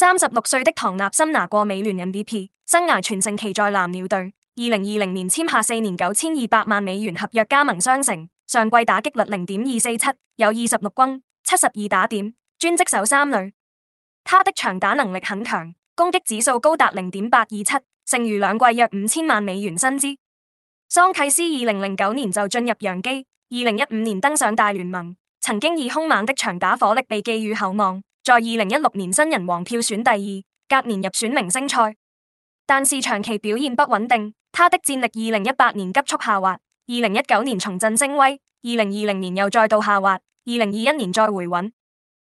三十六歲的唐納森拿過美聯人 B P，生涯全盛期在藍鳥隊。二零二零年簽下四年九千二百萬美元合約加盟雙城，上季打擊率零點二四七，有二十六轟七十二打點，專職守三壘。他的長打能力很強，攻擊指數高達零點八二七，剩餘兩季約五千萬美元薪資。桑契斯二零零九年就進入洋基，二零一五年登上大聯盟，曾經以兇猛的長打火力被寄予厚望。在二零一六年新人王票選第二，隔年入選明星賽，但是長期表現不穩定。他的戰力二零一八年急速下滑，二零一九年重振聲威，二零二零年又再度下滑，二零二一年再回穩。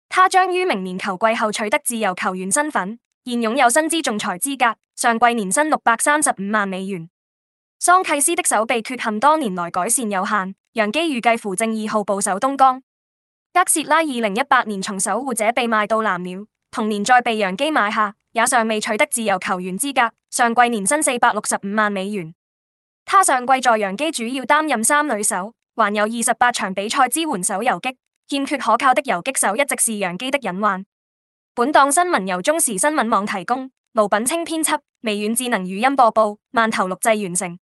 他將於明年球季後取得自由球員身份，現擁有薪資仲裁資格。上季年薪六百三十五萬美元。桑契斯的手臂缺陷多年來改善有限，洋基預計扶正二號捕手東江。格薛拉二零一八年從守護者被賣到藍鳥，同年再被楊基買下，也尚未取得自由球員資格。上季年薪四百六十五萬美元。他上季在楊基主要擔任三壘手，還有二十八場比賽支援守游擊。欠缺可靠的游擊手一直是楊基的隱患。本檔新聞由中時新聞網提供，盧品清編輯，微軟智能語音播報，曼頭錄製完成。